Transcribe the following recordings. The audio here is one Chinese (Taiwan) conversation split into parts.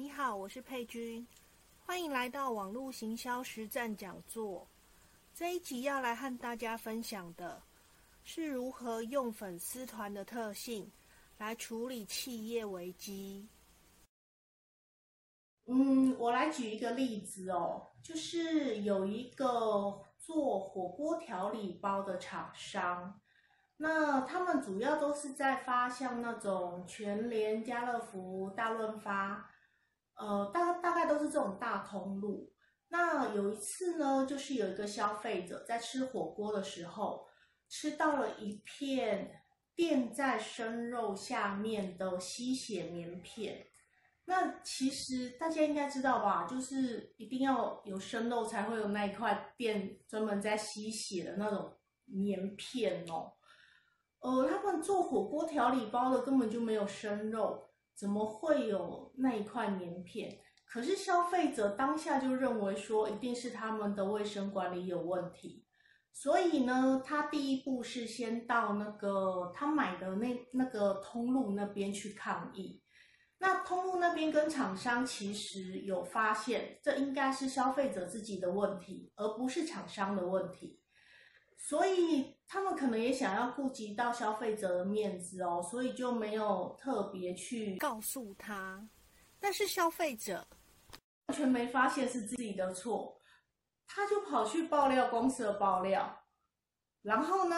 你好，我是佩君，歡迎來到網路行銷實戰講座。這一集要來和大家分享的是如何用粉絲團的特性來處理企業危機。嗯，我來舉一個例子哦，就是有一個做火鍋調理包的廠商，那他們主要都是在發像那種全聯、家樂福、大潤發。呃，大大概都是這種大通路。那有一次呢，就是有一個消費者在吃火鍋的時候，吃到了一片墊在生肉下面的吸血棉片。那其實大家應該知道吧，就是一定要有生肉才會有那一塊墊專門在吸血的那種棉片哦。呃，他們做火鍋調理包的根本就沒有生肉。怎麼會有那一塊粘片？可是消費者當下就認為說，一定是他們的衛生管理有問題。所以呢，他第一步是先到那個他買的那那個通路那邊去抗議。那通路那邊跟廠商其實有發現，這應該是消費者自己的問題，而不是廠商的問題。所以他們可能也想要顧及到消費者的面子哦，所以就沒有特別去告訴他。但是消費者完全沒發現是自己的錯，他就跑去爆料，公司的爆料。然後呢，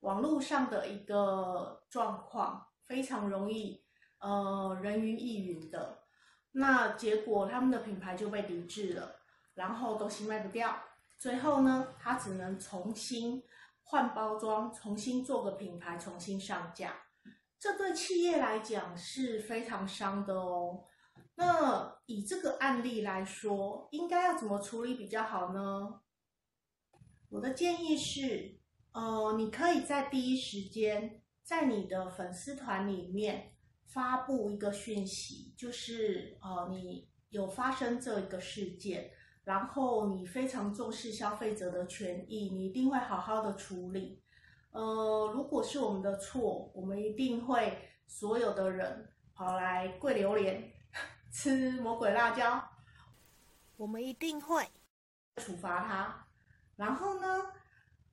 網絡上的一個狀況非常容易呃人云亦云的，那結果他們的品牌就被抵制了，然後東西賣不掉。最後呢，他只能重新換包裝，重新做個品牌，重新上架。這對企業來講是非常傷的哦。那以這個案例來說，應該要怎麼處理比較好呢？我的建議是，呃，你可以在第一時間在你的粉絲團裡面發布一個訊息，就是呃，你有發生這一個事件。然後你非常重視消費者的權益，你一定會好好的處理。呃，如果是我們的錯，我們一定會所有的人跑來跪榴蓮，吃魔鬼辣椒，我們一定會處罰他。然後呢，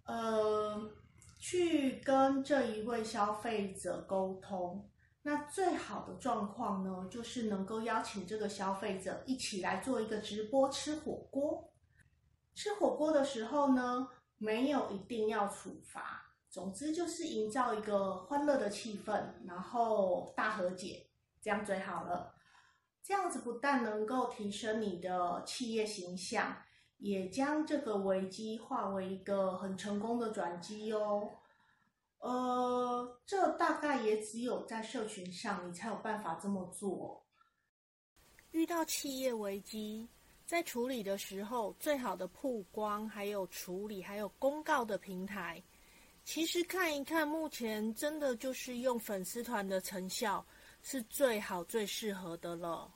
呃，去跟這一位消費者溝通。那最好的狀況呢，就是能夠邀請這個消費者一起來做一個直播吃火鍋。吃火鍋的時候呢，沒有一定要處罰，總之就是營造一個歡樂的氣氛，然後大和解，這樣最好了。這樣子不但能夠提升你的企業形象，也將這個危機化為一個很成功的轉機喲。呃，這大概也只有在社群上，你才有辦法這麼做。遇到企業危機，在處理的時候，最好的曝光、還有處理、還有公告的平台，其實看一看，目前真的就是用粉絲團的成效，是最好、最適合的了。